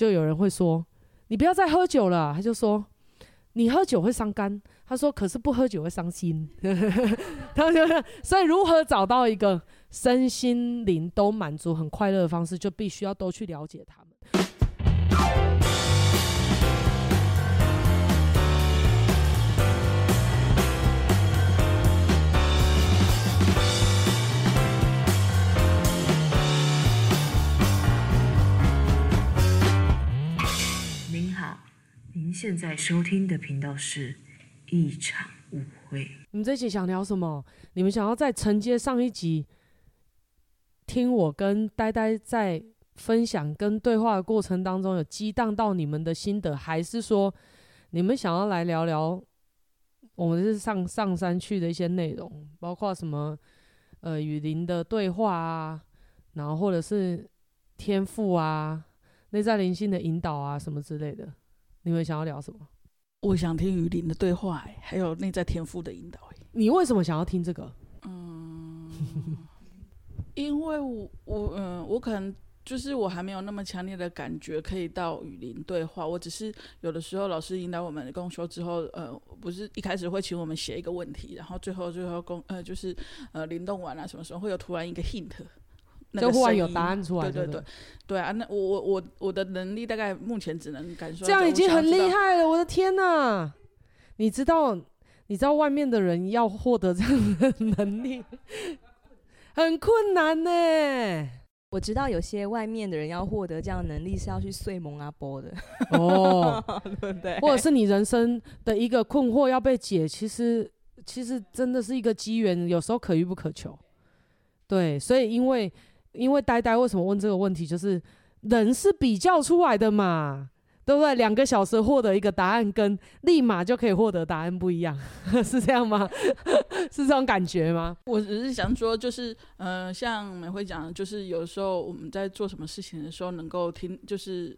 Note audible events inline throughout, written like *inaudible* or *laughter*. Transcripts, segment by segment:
就有人會說，你不要再喝酒了啊。他就說，你喝酒會傷肝。他說，可是不喝酒會傷心。 *laughs* 他說，所以，如何找到一個身心靈都滿足、很快樂的方式，就必須要多去了解他們。現在收聽的頻道是一場誤會。你們這集想聊什麼？你們想要再承接上一集，聽我跟呆呆在分享跟對話的過程當中，有激盪到你們的心得，還是說你們想要來聊聊我們是上上山去的一些內容，包括什麼呃與靈的對話啊，然後或者是天賦啊、內在靈性的引導啊什麼之類的？你們想要聊什麼？我想聽與靈的對話、欸，還有內在天賦的引導、欸。你為什麼想要聽這個？嗯， *laughs* 因為我我嗯，我可能就是我還沒有那麼強烈的感覺，可以到與靈對話。我只是有的時候老師引導我們共修之後，呃，不是一開始會請我們寫一個問題，然後最後最後公呃就是呃靈動完啊，什麼時候會有突然一個 hint。就忽然有答案出來，對對對，對啊，那我我我我的能力大概目前只能感受這,這樣已經很厲害了，我的天哪！ *noise* 你知道，你知道外面的人要獲得這樣的能力 *laughs* 很困難呢、欸。我知道有些外面的人要獲得這樣的能力是要去睡蒙阿波的哦， *laughs* 對不對？或者是你人生的一個困惑要被解，其實其實真的是一個機緣，有時候可遇不可求。對，所以因為。因為呆呆為什麼問這個問題？就是人是比較出來的嘛，對不對？兩個小時獲得一個答案，跟立馬就可以獲得答案不一樣， *laughs* 是這樣嗎？ *laughs* 是這種感覺嗎？我只是想說，就是嗯、呃，像美會講，就是有時候我們在做什麼事情的時候，能夠聽，就是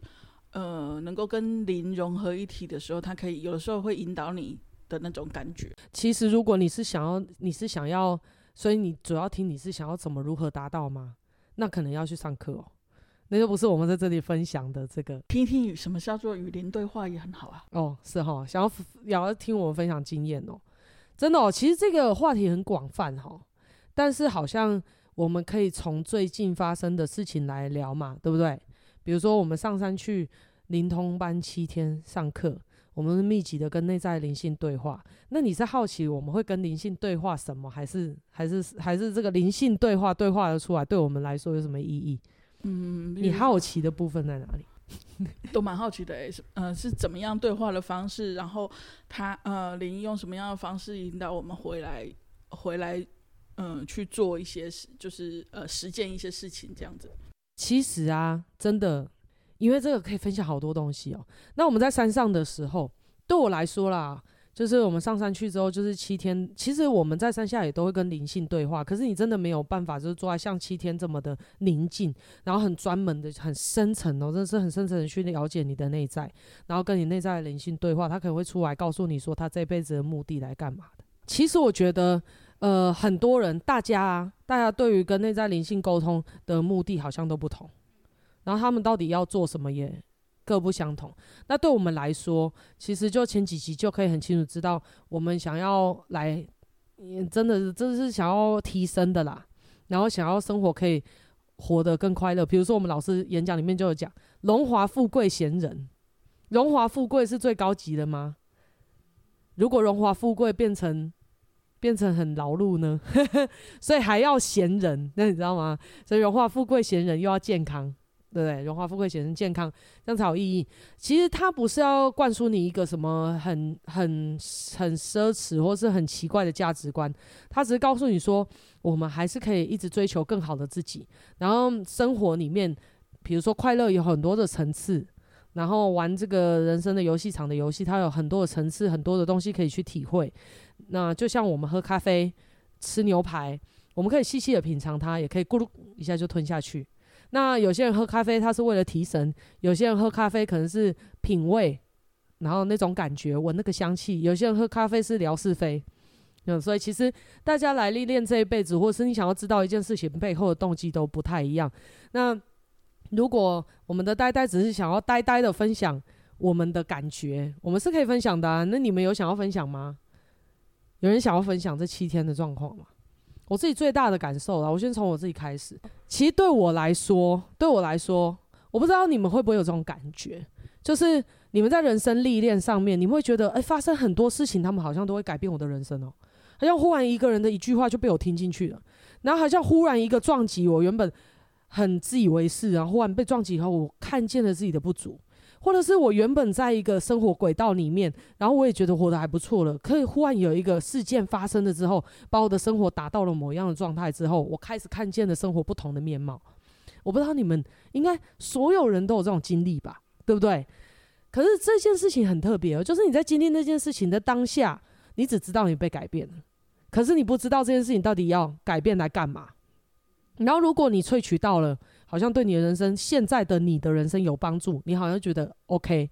呃，能夠跟靈融合一體的時候，他可以有的時候會引導你的那種感覺。其實，如果你是想要，你是想要，所以你主要聽，你是想要怎麼如何達到嗎？那可能要去上課哦、喔，那就不是我們在這裡分享的這個。聽聽雨，什麼叫做與靈對話也很好啊。哦，是哈，想要聊聽我們分享經驗哦、喔，真的哦、喔，其實這個話題很廣泛哈、喔，但是好像我們可以從最近發生的事情來聊嘛，對不對？比如說我們上山去靈通班七天上課。我們是密集的跟內在靈性對話。那你是好奇我們會跟靈性對話什麼，還是還是還是這個靈性對話對話的出來，對我們來說有什麼意義？嗯，你好奇的部分在哪裡？ *laughs* 都蠻好奇的，欸，是呃，是怎麼樣對話的方式，然後他呃靈用什麼樣的方式引導我們回來回來，嗯、呃，去做一些事，就是呃實踐一些事情這樣子。其實啊，真的。因為這個可以分享好多東西哦。那我們在山上的時候，對我來說啦，就是我們上山去之後，就是七天。其實我們在山下也都會跟靈性對話，可是你真的沒有辦法，就是坐在像七天這麼的寧靜，然後很專門的、很深沉哦，真的是很深沉的去了解你的內在，然後跟你內在的靈性對話，他可能會出來告訴你說他這輩子的目的來幹嘛的。其實我覺得，呃，很多人大家啊，大家對於跟內在靈性溝通的目的好像都不同。然後他們到底要做什麼也各不相同。那對我們來說，其實就前幾集就可以很清楚知道，我們想要來，真的真的是想要提升的啦。然後想要生活可以活得更快樂。比如說我們老師演講裡面就有講，榮華富貴閒人，榮華富貴是最高級的嗎？如果榮華富貴變成變成很勞碌呢？ *laughs* 所以還要閒人，那你知道嗎？所以榮華富貴閒人又要健康。對對，榮華富貴，顯生健康，這樣才有意義。其實它不是要灌輸你一個什麼很、很、很奢侈或是很奇怪的價值觀，它只是告訴你說，我們還是可以一直追求更好的自己。然後生活裡面，比如說快樂有很多的層次，然後玩這個人生的遊戲場的遊戲，它有很多的層次，很多的東西可以去體會。那就像我們喝咖啡、吃牛排，我們可以細細的品嘗它，也可以咕嚕一下就吞下去。那有些人喝咖啡，他是為了提神；有些人喝咖啡可能是品味，然後那種感覺，聞那個香氣；有些人喝咖啡是聊是非。嗯，所以其實大家來歷練這一輩子，或是你想要知道一件事情背後的動機都不太一樣。那如果我們的呆呆只是想要呆呆的分享我們的感覺，我們是可以分享的啊。那你們有想要分享嗎？有人想要分享這七天的狀況嗎？我自己最大的感受了，我先從我自己開始。其實對我來說，對我來說，我不知道你們會不會有這種感覺，就是你們在人生歷練上面，你們會覺得，欸，發生很多事情，他們好像都會改變我的人生哦。好像忽然一個人的一句話就被我聽進去了，然後好像忽然一個撞擊，我原本很自以為是，然後忽然被撞擊以後，我看見了自己的不足。或者是我原本在一個生活軌道裡面，然後我也覺得活得還不錯了。可以忽然有一個事件發生了之後，把我的生活打到了某樣的狀態之後，我開始看見了生活不同的面貌。我不知道你們應該所有人都有這種經歷吧，對不對？可是這件事情很特別哦，就是你在經歷那件事情的當下，你只知道你被改變了，可是你不知道這件事情到底要改變來幹嘛。然後如果你萃取到了。好像對你的人生，現在的你的人生有幫助，你好像覺得 OK，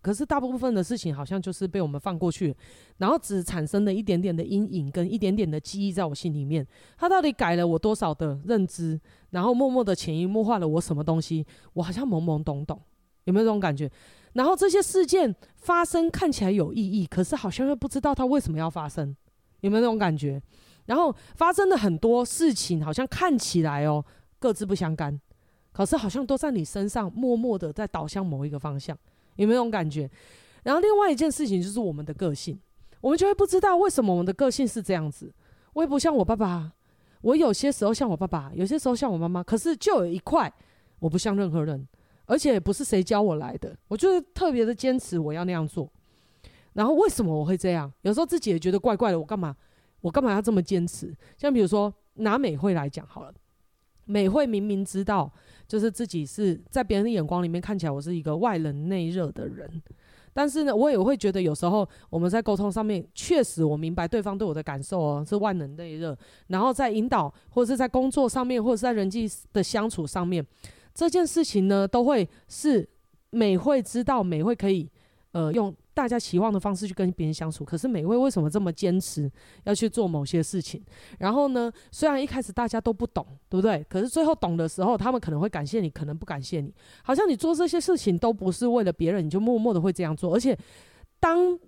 可是大部分的事情好像就是被我們放過去，然後只產生了一點點的陰影跟一點點的記憶在我心裡面。他到底改了我多少的認知？然後默默的潛移默化了我什麼東西？我好像懵懵懂懂，有沒有這種感覺？然後這些事件發生看起來有意義，可是好像又不知道他為什麼要發生，有沒有那種感覺？然後發生了很多事情，好像看起來哦，各自不相干。可是好像都在你身上，默默的在導向某一個方向，有沒有這種感覺？然後另外一件事情就是我們的個性，我們就會不知道為什麼我們的個性是這樣子。我也不像我爸爸，我有些時候像我爸爸，有些時候像我媽媽。可是就有一塊，我不像任何人，而且不是誰教我來的，我就是特別的堅持我要那樣做。然後為什麼我會這樣？有時候自己也覺得怪怪的，我幹嘛？我幹嘛要這麼堅持？像比如說拿美會來講好了，美會明明知道。就是自己是在別人的眼光裡面看起來我是一個外冷內熱的人，但是呢，我也會覺得有時候我們在溝通上面，確實我明白對方對我的感受哦、喔，是外冷內熱。然後在引導或者在工作上面或者在人際的相處上面，這件事情呢，都會是美會知道美會可以呃用大家期望的方式去跟別人相處，可是每一位為什麼這麼堅持要去做某些事情？然後呢，雖然一開始大家都不懂，對不對？可是最後懂的時候，他們可能會感謝你，可能不感謝你。好像你做這些事情都不是為了別人，你就默默的會這樣做。而且，當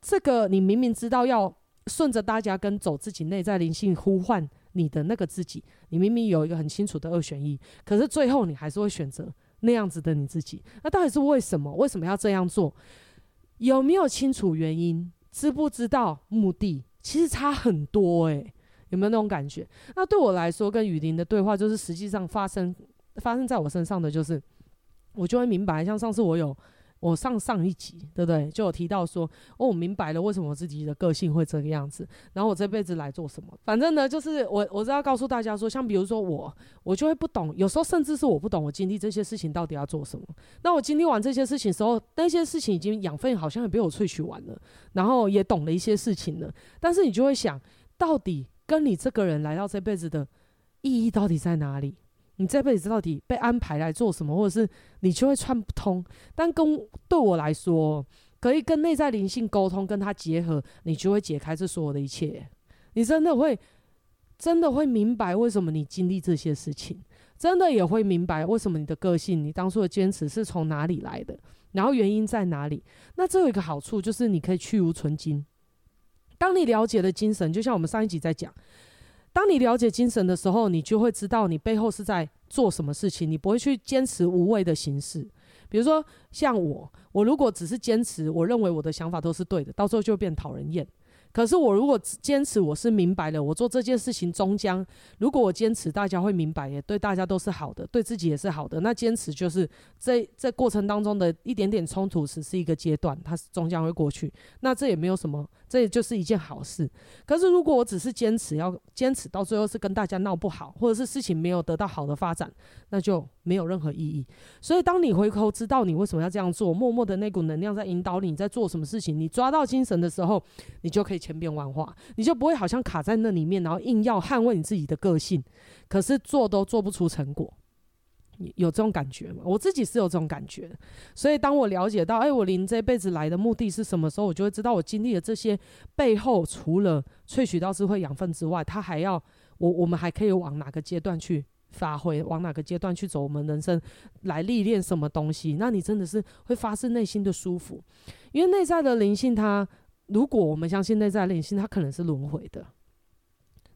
這個你明明知道要順着大家跟走，自己內在靈性呼喚你的那個自己，你明明有一個很清楚的二選一，可是最後你還是會選擇那樣子的你自己。那到底是為什麼？為什麼要這樣做？有沒有清楚原因？知不知道目的？其實差很多哎、欸，有沒有那種感覺？那對我來說，跟靈的對話，就是實際上發生發生在我身上的，就是我就會明白。像上次我有。我上上一集，對不對？就有提到說，哦，我明白了為什麼我自己的個性會這個樣子。然後我這輩子來做什麼？反正呢，就是我，我是要告訴大家說，像比如說我，我就會不懂，有時候甚至是我不懂我經歷這些事情到底要做什麼。那我經歷完這些事情的時候，那些事情已經養分好像也被我萃取完了，然後也懂了一些事情了。但是你就會想，到底跟你這個人來到這輩子的意義到底在哪裡？你這輩子到底被安排來做什麼，或者是你就會穿不通，但跟對我來說，可以跟內在靈性溝通，跟他結合，你就會解開這所有的一切。你真的會，真的會明白為什麼你經歷這些事情，真的也會明白為什麼你的個性、你當初的堅持是從哪裡來的，然後原因在哪裡。那這有一個好處，就是你可以去蕪存菁。當你了解的精神，就像我們上一集在講。當你了解精神的時候，你就會知道你背後是在做什麼事情。你不會去堅持無謂的形式，比如說像我，我如果只是堅持，我認為我的想法都是對的，到時候就變討人厭。可是我如果堅持，我是明白了，我做這件事情終將，如果我堅持，大家會明白的，對大家都是好的，對自己也是好的。那堅持就是這這過程當中的一點點衝突，只是一個階段，它終將會過去。那這也沒有什麼。這也就是一件好事，可是如果我只是堅持，要堅持到最後是跟大家鬧不好，或者是事情沒有得到好的發展，那就沒有任何意義。所以當你回頭知道你為什麼要這樣做，默默的那股能量在引導你在做什麼事情，你抓到精神的時候，你就可以千變萬化，你就不會好像卡在那裡面，然後硬要捍衛你自己的個性，可是做都做不出成果。有這種感覺嗎？我自己是有這種感覺，所以當我了解到，哎、欸，我靈這輩子來的目的是什麼時候，我就會知道我經歷了這些背後，除了萃取到智慧養分之外，它還要我，我們還可以往哪個階段去發揮，往哪個階段去走，我們人生來歷練什麼東西？那你真的是會發自內心的舒服，因為內在的靈性它，它如果我們相信內在靈性，它可能是輪迴的，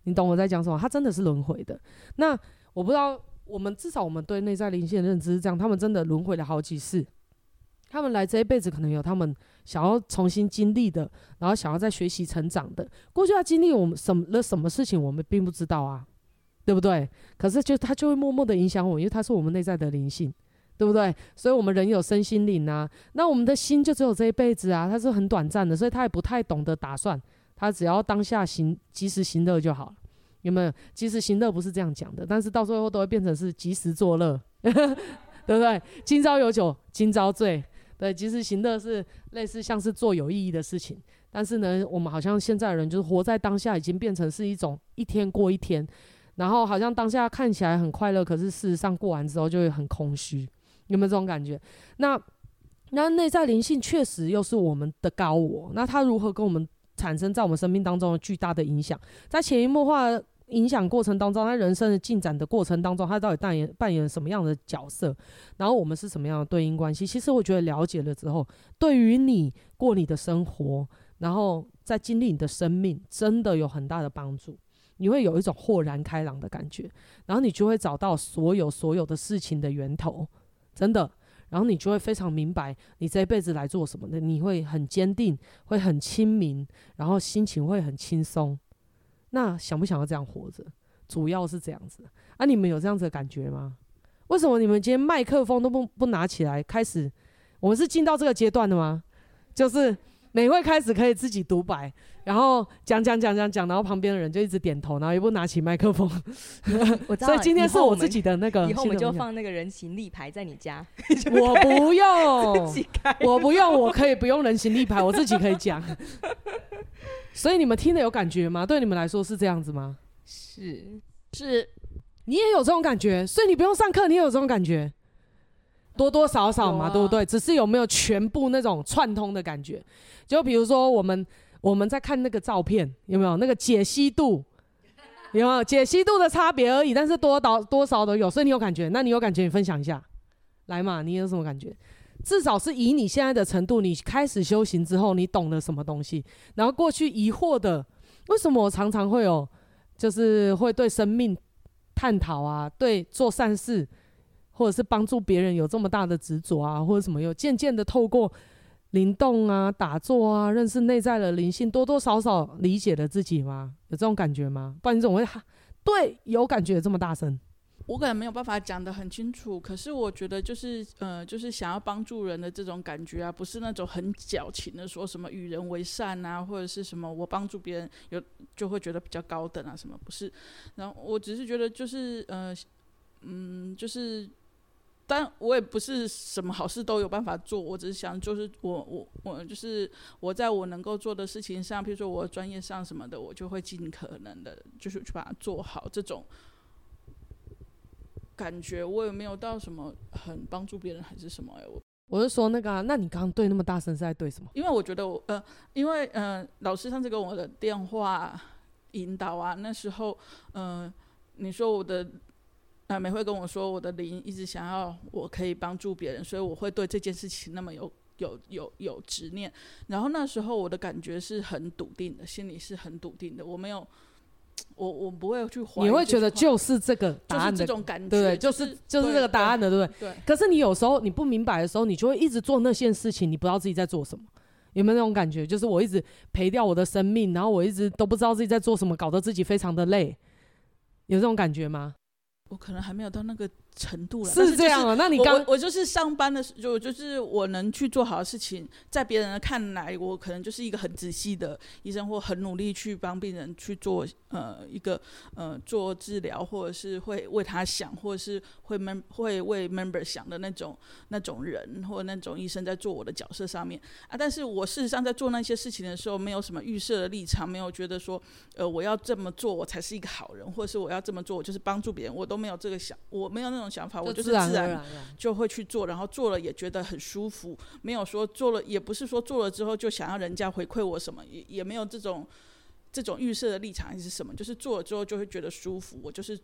你懂我在講什麼？它真的是輪迴的。那我不知道。我們至少我們對內在靈性的認知是這樣，他們真的輪回了好幾世，他們來這一輩子可能有他們想要重新經歷的，然後想要再學習成長的，過去他經歷我們什麼了什麼事情我們並不知道啊，對不對？可是就他就會默默的影響我們，因為他是我們內在的靈性，對不對？所以我們人有身心靈啊，那我們的心就只有這一輩子啊，他是很短暫的，所以他也不太懂得打算，他只要當下行及時行樂就好了。有沒有及時行樂，不是這樣講的，但是到最後都會變成是及時作樂，對不對？今朝有酒今朝醉，對，及時行樂是類似像是做有意義的事情，但是呢，我們好像現在人就是活在當下，已經變成是一種一天過一天，然後好像當下看起來很快樂，可是事實上過完之後就會很空虛，有沒有這種感覺？那那內在靈性確實又是我們的高我，那它如何跟我們產生在我們生命當中的巨大的影響，在潛移默化，影響過程當中，他人生的進展的過程當中，他到底扮演扮演什麼樣的角色？然後我們是什麼樣的對應關係？其實我覺得了解了之後，對於你過你的生活，然後在經歷你的生命，真的有很大的幫助。你會有一種豁然開朗的感覺，然後你就會找到所有所有的事情的源頭，真的。然後你就會非常明白你這一輩子來做什麼的，你會很堅定，會很清明，然後心情會很輕鬆。那想不想要這樣活着，主要是這樣子啊？你們有這樣子的感覺嗎？為什麼你們今天麥克風都不不拿起來？開始，我們是進到這個階段的嗎？就是每位開始可以自己獨白，然後講講講講講，然後旁邊的人就一直點頭，然後也不拿起麥克風。 *laughs* 所以今天是我自己的那個，以後我就放那個人形立牌在你家。 *laughs* 你不我不用，我不用，我可以不用人形立牌，我自己可以講。 *laughs* 所以你們聽了有感覺嗎？對你們來說是這樣子嗎？是是，是你也有這種感覺，所以你不用上課，你也有這種感覺，多多少少嘛，啊啊、對不對？只是有沒有全部那種串通的感覺？就比如說我們我們在看那個照片，有沒有那個解析度？有沒有解析度的差別而已，但是多到多少都有，所以你有感覺，那你有感覺你分享一下，來嘛，你有什麼感覺？至少是以你現在的程度，你開始修行之後，你懂了什麼東西？然後過去疑惑的，為什麼我常常會有，就是會對生命探討啊，對做善事，或者是幫助別人有這麼大的執着啊，或者什麼有？漸漸的透過靈動啊、打坐啊，認識內在的靈性，多多少少理解了自己嗎？有這種感覺嗎？不然你怎麼會？對，有感覺，這麼大聲。我可能沒有辦法講得很清楚，可是我覺得就是，呃，就是想要幫助人的這種感覺啊，不是那種很矯情的說什麼與人為善啊，或者是什麼我幫助別人有就會覺得比較高等啊什麼不是，然後我只是覺得就是，呃，嗯，就是，但我也不是什麼好事都有辦法做，我只是想就是我我我就是我在我能夠做的事情上，譬如說我專業上什麼的，我就會盡可能的，就是去把它做好這種。感覺我有沒有到什麼很幫助別人還是什麼？欸，我？我我是說那個啊，那你剛剛對那麼大聲是在對什麼？因為我覺得我，呃，因為嗯、呃，老師上次跟我的電話引導啊，那時候，嗯、呃，你說我的啊，美會跟我說，我的靈一直想要我可以幫助別人，所以我會對這件事情那麼有有有有執念。然後那時候我的感覺是很篤定的，心裡是很篤定的，我沒有。我我不會去。你會覺得就是這個答案的，就是這種感覺，對不對？就是、就是、就是這個答案的，對不對？對。對可是你有時候你不明白的時候，你就會一直做那件事情，你不知道自己在做什麼。有沒有那種感覺？就是我一直賠掉我的生命，然後我一直都不知道自己在做什麼，搞得自己非常的累。有這種感覺嗎？我可能還沒有到那個。程度了，是，是，是這樣的啊。那你剛我，我就是上班的時候，就就是我能去做好的事情，在別人的看來，我可能就是一個很仔細的醫生，或很努力去幫病人去做呃一個呃做治療，或者是會為他想，或者是會 m 會為 member 想的那種那種人，或那種醫生在做我的角色上面啊。但是我事實上在做那些事情的時候，沒有什麼預設的立場，沒有覺得說呃我要這麼做，我才是一個好人，或者是我要這麼做，我就是幫助別人，我都沒有這個想，我沒有那種。想法就自然然然然，我就是自然就會去做，然後做了也覺得很舒服，沒有說做了也不是說做了之後就想要人家回饋我什麼，也也沒有這種這種預設的立場還是什麼，就是做了之後就會覺得舒服，我就是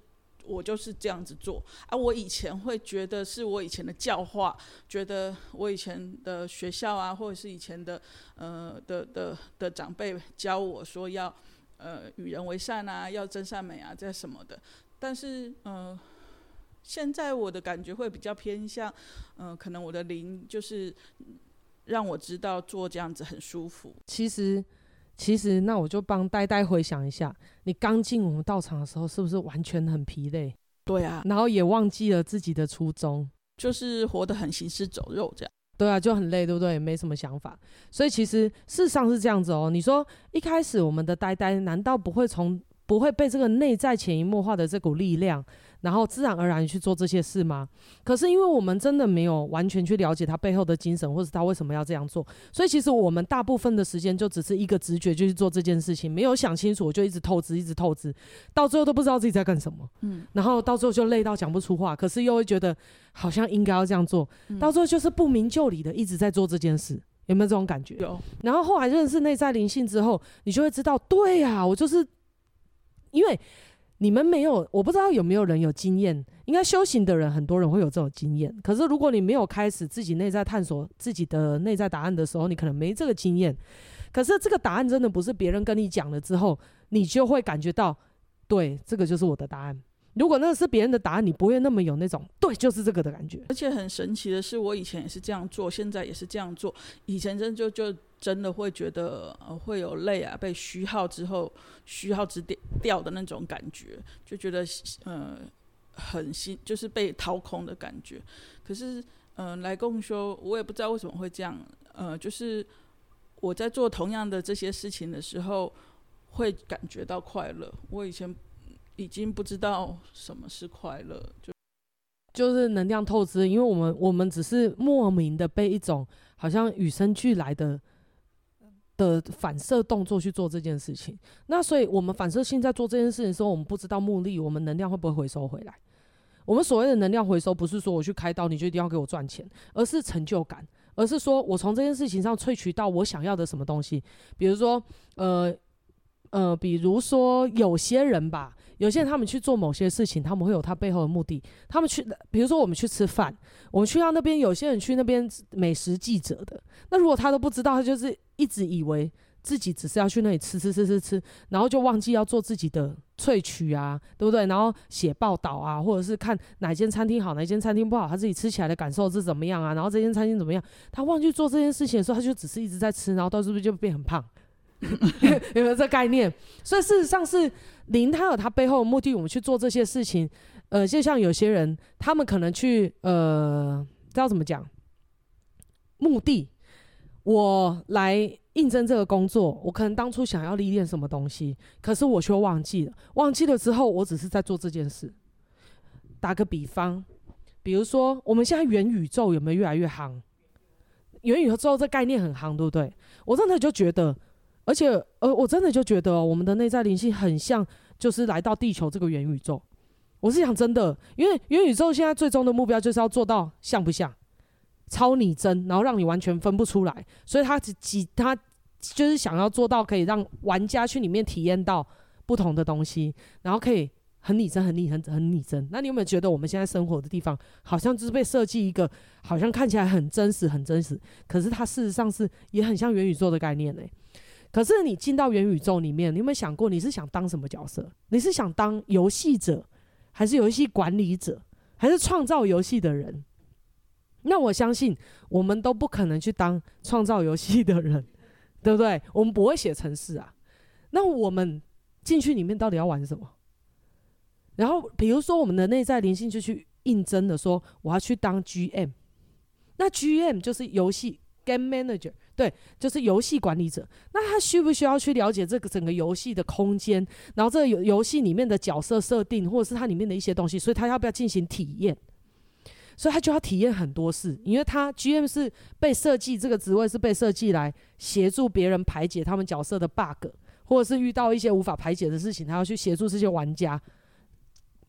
我就是這樣子做啊。我以前會覺得是我以前的教化，覺得我以前的學校啊，或者是以前的呃的的的長輩教我說要呃與人為善啊，要真善美啊這什麼的，但是呃。現在我的感覺會比較偏向，嗯、呃，可能我的靈就是讓我知道做這樣子很舒服。其實，其實那我就幫呆呆回想一下，你剛進我們道場的時候是不是完全很疲累？對啊。然後也忘記了自己的初衷，就是活得很行屍走肉這樣。對啊，就很累，對不對？沒什麼想法。所以其實事實上是這樣子哦。你說一開始我們的呆呆難道不會從不會被這個內在潛移默化的這股力量？然後自然而然去做這些事嗎？可是因為我們真的沒有完全去了解他背後的精神，或是他為什麼要這樣做，所以其實我們大部分的時間就只是一個直覺就去做這件事情，沒有想清楚，我就一直透支，一直透支，到最後都不知道自己在幹什麼。嗯，然後到最後就累到講不出話，可是又會覺得好像應該要這樣做，嗯、到最後就是不明就裡的一直在做這件事，有沒有這種感覺？有然後後來認識內在靈性之後，你就會知道，對呀、啊，我就是因為。你們沒有，我不知道有沒有人有經驗。應該修行的人，很多人會有這種經驗。可是如果你沒有開始自己內在探索自己的內在答案的時候，你可能沒這個經驗。可是這個答案真的不是別人跟你講了之後，你就會感覺到，對，這個就是我的答案。如果那是別人的答案，你不會那麼有那種對，就是這個的感覺。而且很神奇的是，我以前也是這樣做，現在也是這樣做。以前真就就真的會覺得呃會有累啊，被虛耗之後，虛耗之掉掉的那種感覺，就覺得呃很心就是被掏空的感覺。可是嗯、呃，來共修，我也不知道為什麼會這樣。呃，就是我在做同樣的這些事情的時候，會感覺到快樂。我以前，已經不知道什麼是快樂，就就是能量透支，因為我們我們只是莫名的被一種好像與生俱來的的反射動作去做這件事情。那所以，我們反射性在做這件事情的時候，我們不知道目的，我們能量會不會回收回來？我們所謂的能量回收，不是說我去開刀你就一定要給我賺錢，而是成就感，而是說我從這件事情上萃取到我想要的什麼東西。比如說，呃呃，比如說有些人吧。有些人他們去做某些事情，他們會有他背後的目的。他們去，比如說我們去吃飯，我們去到那邊，有些人去那邊美食記者的。那如果他都不知道，他就是一直以為自己只是要去那裡吃吃吃吃吃，然後就忘記要做自己的萃取啊，對不對？然後寫報道啊，或者是看哪間餐廳好，哪間餐廳不好，他自己吃起來的感受是怎麼樣啊？然後這間餐廳怎麼樣？他忘記做這件事情的時候，他就只是一直在吃，然後到是不是就變很胖？ *laughs* *laughs* 有沒有這概念？所以事實上是靈他有他背後的目的。我們去做這些事情，呃，就像有些人，他們可能去，呃，知道怎麼講，目的。我來應徵這個工作，我可能當初想要歷練什麼東西，可是我卻忘記了。忘記了之後，我只是在做這件事。打個比方，比如說我們現在元宇宙有沒有越來越夯？元宇宙這概念很夯，對不對？我真的就覺得。而且，呃，我真的就覺得、哦、我們的內在靈性很像，就是來到地球這個元宇宙。我是想真的，因為元宇宙現在最終的目標就是要做到像不像，超擬真，然後讓你完全分不出來。所以他幾他就是想要做到可以讓玩家去裡面體驗到不同的東西，然後可以很擬真、很擬、很擬很擬真。那你有沒有覺得我們現在生活的地方好像就是被設計一個，好像看起來很真實、很真實，可是它事實上是也很像元宇宙的概念呢、欸？可是你進到元宇宙裡面，你有沒有想過，你是想當什麼角色？你是想當遊戲者，還是遊戲管理者，還是創造遊戲的人？那我相信，我們都不可能去當創造遊戲的人，對不對？我們不會寫程式啊。那我們進去裡面到底要玩什麼？然後，比如說我們的內在靈性就去應徵的說，我要去當 GM。那 GM 就是遊戲 Game Manager。對，就是遊戲管理者，那他需不需要去了解這個整個遊戲的空間，然後這個游遊戲裡面的角色設定，或者是它裡面的一些東西，所以他要不要進行體驗？所以他就要體驗很多事，因為他 GM 是被設計，這個職位是被設計來協助別人排解他們角色的 bug，或者是遇到一些無法排解的事情，他要去協助這些玩家。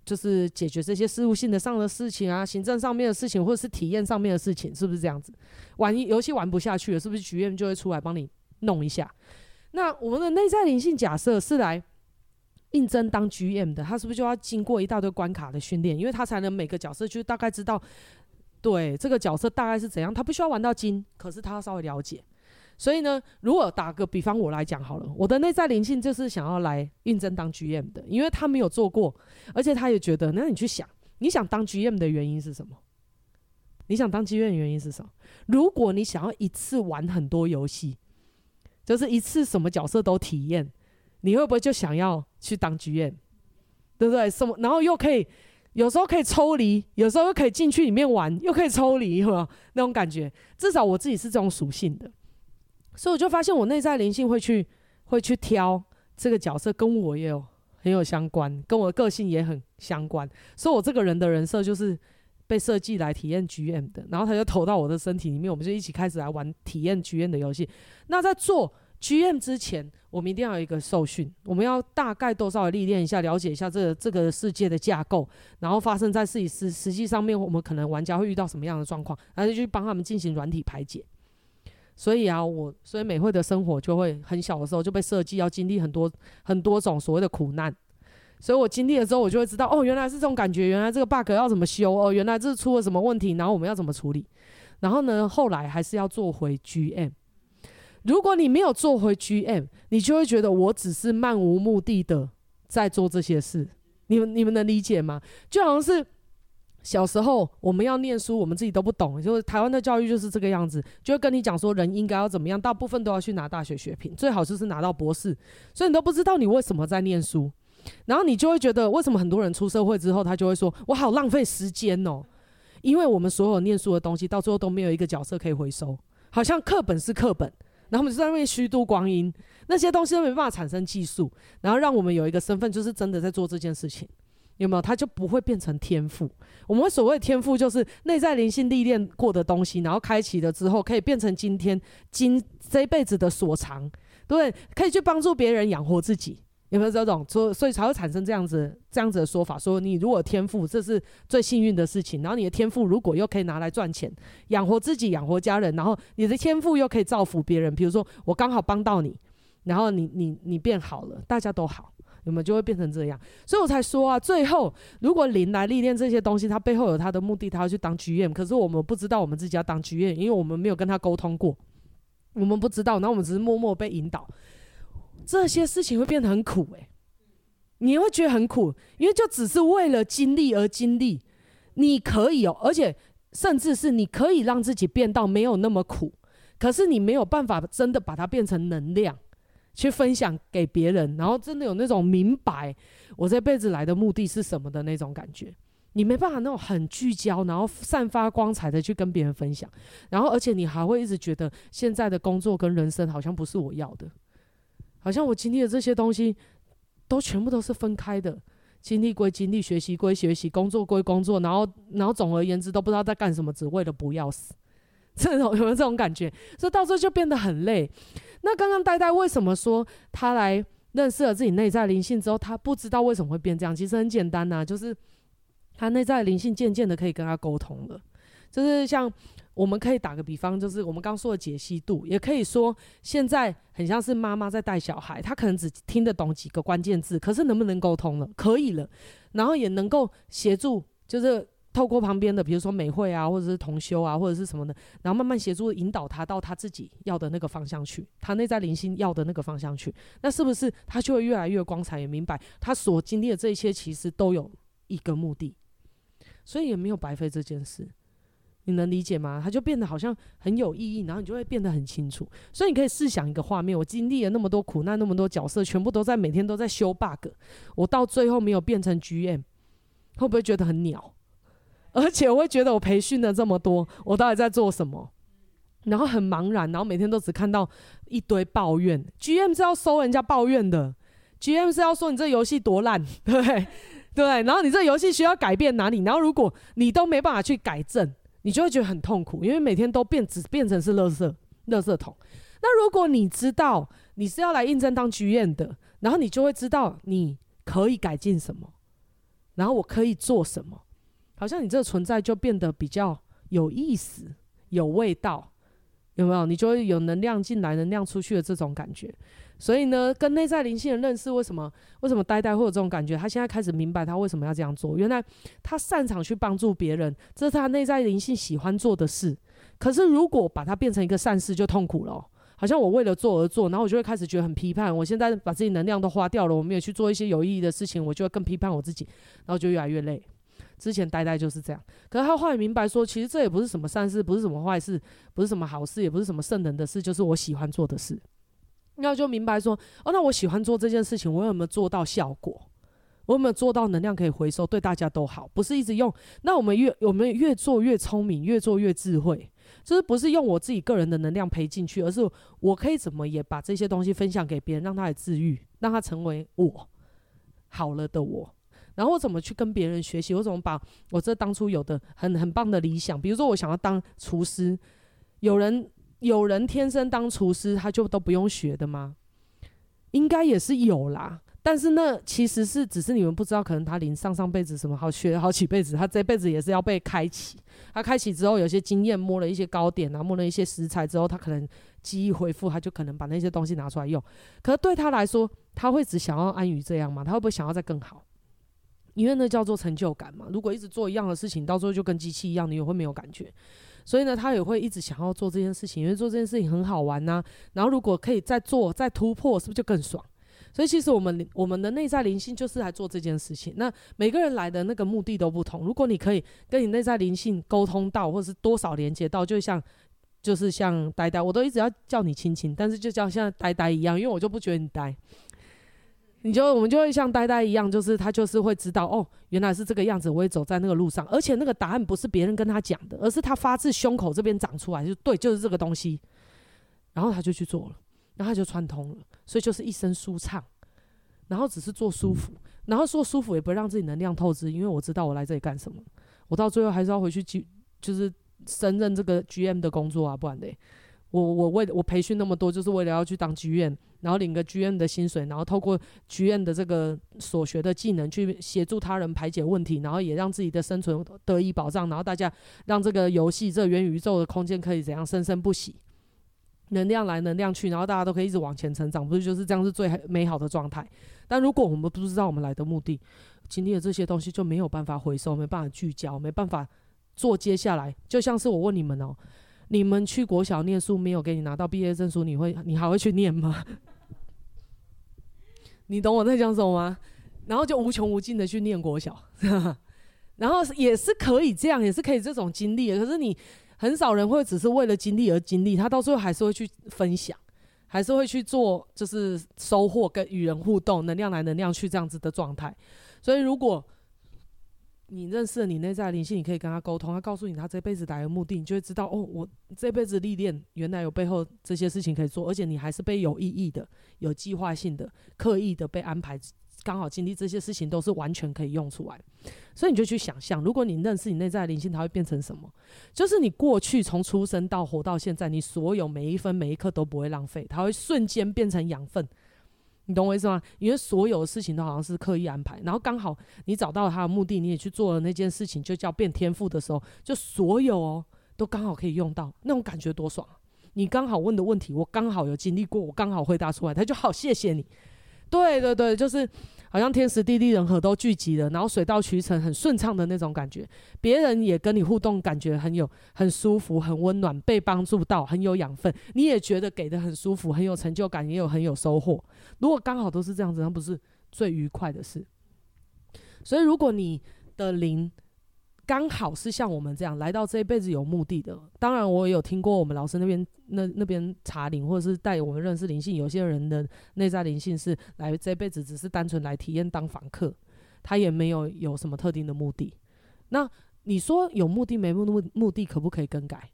就是解決這些事務性的上的事情啊，行政上面的事情，或者是體驗上面的事情，是不是這樣子？玩遊戲玩不下去了，是不是 GM 就會出來幫你弄一下？那我們的內在靈性假設是來應徵當 GM 的，他是不是就要經過一大堆關卡的訓練？因為他才能每個角色就大概知道，對這個角色大概是怎樣，他不需要玩到精，可是他要稍微了解。所以呢，如果打個比方，我來講好了，我的內在靈性就是想要來應徵當 GM 的，因為他沒有做過，而且他也覺得，那你去想，你想當 GM 的原因是什麼？你想當 GM 的原因是什麼？如果你想要一次玩很多遊戲，就是一次什麼角色都體驗，你會不會就想要去當 GM？對不對？什麼？然後又可以，有時候可以抽離，有時候又可以進去裡面玩，又可以抽離，是吧？那種感覺，至少我自己是這種屬性的。所以我就發現，我內在靈性會去會去挑這個角色，跟我也有很有相關，跟我的個性也很相關。所以，我這個人的人設就是被設計來體驗 GM 的。然後，他就投到我的身體裡面，我們就一起開始來玩體驗 GM 的遊戲。那在做 GM 之前，我們一定要有一個受訓，我們要大概多少的歷練一下，了解一下這個這個世界的架構，然後發生在自己實實際上面，我們可能玩家會遇到什麼樣的狀況，然後就去幫他們進行軟體排解。所以啊，我所以美會的生活就會很小的時候就被設計要經歷很多很多種所謂的苦難，所以我經歷了之後，我就會知道哦，原來是這種感覺，原來這個 bug 要怎麼修哦，原來這是出了什麼問題，然後我們要怎麼處理，然後呢，後來還是要做回 GM。如果你沒有做回 GM，你就會覺得我只是漫無目的的在做這些事，你們你們能理解嗎？就好像是。小時候我們要念書，我們自己都不懂，就是台灣的教育就是這個樣子，就會跟你講說人應該要怎麼樣，大部分都要去拿大學學品，最好就是拿到博士，所以你都不知道你為什麼在念書，然後你就會覺得為什麼很多人出社會之後，他就會說我好浪費時間哦、喔，因為我們所有念書的東西到最後都沒有一個角色可以回收，好像課本是課本，然後我們就在那邊虛度光陰，那些東西都沒辦法產生技術，然後讓我們有一個身份就是真的在做這件事情。有沒有？他就不會變成天賦。我們所謂天賦，就是內在靈性歷練過的東西，然後開啟了之後，可以變成今天今這輩子的所長，對，可以去幫助別人，養活自己。有沒有這種？所所以才會產生這樣子這樣子的說法：說你如果有天賦，這是最幸運的事情。然後你的天賦如果又可以拿來賺錢，養活自己，養活家人，然後你的天賦又可以造福別人。比如說，我剛好幫到你，然後你你你變好了，大家都好。你們就會變成這樣，所以我才說啊，最後如果靈來歷練這些東西，他背後有他的目的，他要去當 GM，可是我們不知道，我們自己要當 GM，因為我們沒有跟他溝通過，我們不知道，然後我們只是默默被引導，這些事情會變得很苦誒、欸，你會覺得很苦，因為就只是為了經歷而經歷，你可以哦、喔，而且甚至是你可以讓自己變到沒有那麼苦，可是你沒有辦法真的把它變成能量。去分享給別人，然後真的有那種明白我這輩子來的目的是什麼的那種感覺。你沒辦法那種很聚焦，然後散發光彩的去跟別人分享，然後而且你還會一直覺得現在的工作跟人生好像不是我要的，好像我經歷的這些東西都全部都是分開的，經歷歸經歷，學習歸學習，工作歸工作，然後然後總而言之都不知道在幹什麼，只為了不要死。這種有沒有這種感覺？所以到時候就變得很累。那剛剛呆呆為什麼說他來認識了自己內在的靈性之後，他不知道為什麼會變這樣？其實很簡單吶、啊，就是他內在的靈性漸漸的可以跟他溝通了，就是像我們可以打個比方，就是我們剛說的解析度，也可以說現在很像是媽媽在帶小孩，他可能只聽得懂幾個關鍵字，可是能不能溝通了？可以了，然後也能夠協助，就是。透過旁邊的，比如說美會啊，或者是同修啊，或者是什麼的，然後慢慢協助引導他到他自己要的那個方向去，他內在靈性要的那個方向去，那是不是他就會越來越光彩？也明白他所經歷的這一切其實都有一個目的，所以也沒有白費這件事。你能理解嗎？他就變得好像很有意義，然後你就會變得很清楚。所以你可以試想一個畫面：我經歷了那麼多苦難，那麼多角色，全部都在每天都在修 bug，我到最後沒有變成 GM，會不會覺得很鳥？而且我會覺得我培訓了這麼多，我到底在做什麼？然後很茫然，然後每天都只看到一堆抱怨。GM 是要收人家抱怨的，GM 是要說你這遊戲多爛，對對？對。然後你這遊戲需要改變哪裡？然後如果你都沒辦法去改正，你就會覺得很痛苦，因為每天都變，只變成是垃圾、垃圾桶。那如果你知道你是要來應徵當 GM 的，然後你就會知道你可以改進什麼，然後我可以做什麼。好像你這個存在就變得比較有意思、有味道，有沒有？你就會有能量進來、能量出去的這種感覺。所以呢，跟內在靈性的認識，為什麼？為什麼呆呆會有這種感覺？他現在開始明白他為什麼要這樣做。原來他擅長去幫助別人，這是他內在靈性喜歡做的事。可是如果把它變成一個善事，就痛苦了喔。好像我為了做而做，然後我就會開始覺得很批判。我現在把自己能量都花掉了，我沒有去做一些有意義的事情，我就會更批判我自己，然後就越來越累。之前呆呆就是這樣，可是他後來明白說，其實這也不是什麼善事，不是什麼壞事，不是什麼好事，也不是什麼聖人的事，就是我喜歡做的事。那就明白說，哦，那我喜歡做這件事情，我有沒有做到效果？我有沒有做到能量可以回收，對大家都好？不是一直用？那我們越我們越做越聰明，越做越智慧，就是不是用我自己個人的能量賠進去，而是我可以怎麼也把這些東西分享給別人，讓他也治癒，讓他成為我好了的我。然後我怎麼去跟別人學習？我怎麼把我這當初有的很很棒的理想，比如說我想要當廚師，有人有人天生當廚師，他就都不用學的嗎？應該也是有啦。但是那其實是只是你們不知道，可能他臨上上輩子什麼好學好幾輩子，他這輩子也是要被開啟。他開啟之後，有些經驗摸了一些糕點啊，摸了一些食材之後，他可能記憶恢復，他就可能把那些東西拿出來用。可是對他來說，他會只想要安於這樣嗎？他會不會想要再更好？因為那叫做成就感嘛。如果一直做一樣的事情，到最後就跟機器一樣，你也會沒有感覺。所以呢，他也會一直想要做這件事情，因為做這件事情很好玩吶、啊。然後如果可以再做、再突破，是不是就更爽？所以其實我們我們的內在靈性就是來做這件事情。那每個人來的那個目的都不同。如果你可以跟你內在靈性溝通到，或者是多少連接到，就像就是像呆呆，我都一直要叫你親親，但是就叫像呆呆一樣，因為我就不覺得你呆。你就我們就會像呆呆一樣，就是他就是會知道哦，原來是這個樣子。我也走在那個路上，而且那個答案不是別人跟他講的，而是他發自胸口這邊長出來，就對，就是這個東西。然後他就去做了，然後他就穿通了，所以就是一身舒暢。然後只是做舒服，然後做舒服也不讓自己能量透支，因為我知道我來這裡幹什麼。我到最後還是要回去，就是升任這個 GM 的工作啊，不然的。我我為我培訓那麼多，就是為了要去當 GM。然後領個 GM 的薪水，然後透過 GM 的這個所學的技能去協助他人排解問題，然後也讓自己的生存得以保障。然後大家讓這個遊戲這元宇宙的空間可以怎樣生生不息，能量來能量去，然後大家都可以一直往前成長，不是就是這樣是最美好的狀態？但如果我們不知道我們來的目的，今天的這些東西就沒有辦法回收，沒辦法聚焦，沒辦法做接下來。就像是我問你們哦，你們去國小念書沒有給你拿到畢業證書，你會你還會去念嗎？你懂我在講什麼嗎？然後就無窮無盡的去念國小， *laughs* 然後也是可以這樣，也是可以這種經歷。可是你很少人會只是為了經歷而經歷，他到最後還是會去分享，還是會去做，就是收穫跟與人互動，能量來能量去這樣子的狀態。所以如果你認識了你內在的靈性，你可以跟他溝通，他告訴你他這輩子來的目的，你就會知道哦，我這輩子歷練原來有背後這些事情可以做，而且你還是被有意義的、有計劃性的、刻意的被安排，剛好經歷這些事情都是完全可以用出來的。所以你就去想象，如果你認識你內在靈性，它會變成什麼？就是你過去從出生到活到現在，你所有每一分每一刻都不會浪費，它會瞬間變成養分。你懂我意思嗎？因為所有的事情都好像是刻意安排，然後剛好你找到他的目的，你也去做了那件事情，就叫變天賦的時候，就所有哦都剛好可以用到，那種感覺多爽啊！你剛好問的問題，我剛好有經歷過，我剛好回答出來，他就好，謝謝你。對對對，就是。好像天時地利人和都聚集了，然後水到渠成，很順暢的那種感覺。別人也跟你互動，感覺很有、很舒服、很溫暖，被幫助到，很有養分。你也覺得給的很舒服，很有成就感，也有很有收穫。如果剛好都是這樣子，那不是最愉快的事。所以，如果你的靈。剛好是像我們這樣來到這一輩子有目的的。當然，我也有聽過我們老師那邊那那邊查靈，或者是帶我們認識靈性。有些人的內在靈性是來這輩子只是單純來體驗當訪客，他也沒有有什麼特定的目的。那你說有目的沒目的，目的可不可以更改？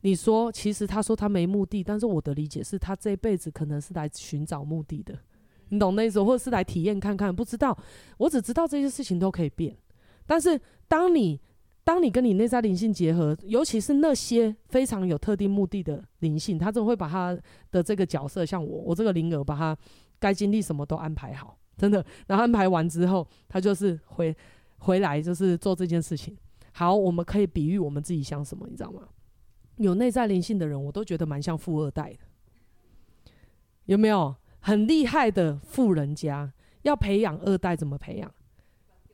你說其實他說他沒目的，但是我的理解是他這一輩子可能是來尋找目的的，你懂那意思？或者是來體驗看看，不知道。我只知道這些事情都可以變，但是。當你，當你跟你內在靈性結合，尤其是那些非常有特定目的的靈性，他總會把他的這個角色，像我，我這個靈兒，把他該經歷什麼都安排好，真的。然後安排完之後，他就是回回來，就是做這件事情。好，我們可以比喻我們自己像什麼，你知道嗎？有內在靈性的人，我都覺得蠻像富二代的，有沒有？很厲害的富人家，要培養二代怎麼培養？